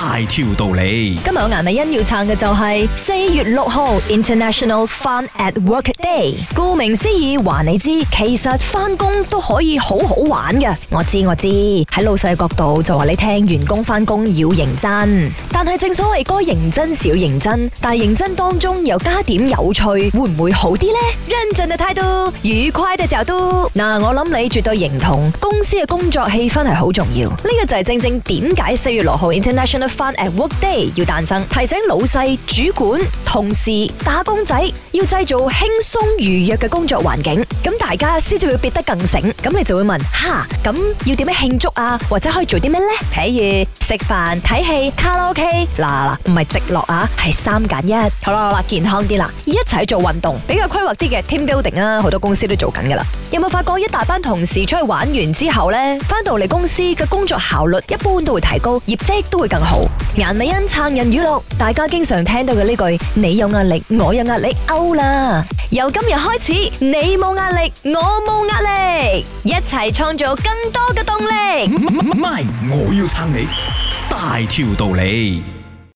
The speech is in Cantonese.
大條道理，今日我顏麗欣要撐嘅就係四月六號 International Fun at Work Day。顧名思義，話你知，其實翻工都可以好好玩嘅。我知我知，喺老細角度就話你聽，員工翻工要認真。但係正所謂該認真時要認真，但係認真當中又加點有趣，會唔會好啲呢？認真嘅態度，愉快嘅態度。嗱，我諗你絕對認同公司嘅工作氣氛係好重要。呢個就係正正點解四月六號 International。Fun at work day 要誕生，提醒老細、主管、同事、打工仔要製造輕鬆愉悅嘅工作環境。咁大家先至會變得更醒。咁你就會問，吓，咁要點樣慶祝啊？或者可以做啲咩呢？譬如食飯、睇戲、卡拉 OK。嗱嗱，唔係直落啊，係三揀一。好啦好啦，健康啲啦，一齊做運動，比較規劃啲嘅 team building 啊，好多公司都做緊噶啦。有冇發覺，一大班同事出去玩完之後呢，返到嚟，公司嘅工作效率一般都會提高，業績都會更好。顏美恩撐人語錄，大家經常聽到嘅呢句：你有壓力，我有壓力，out 啦！由今日開始，你冇壓力，我冇壓力，一齊創造更多嘅動力。唔係，我要撐你，大條道理。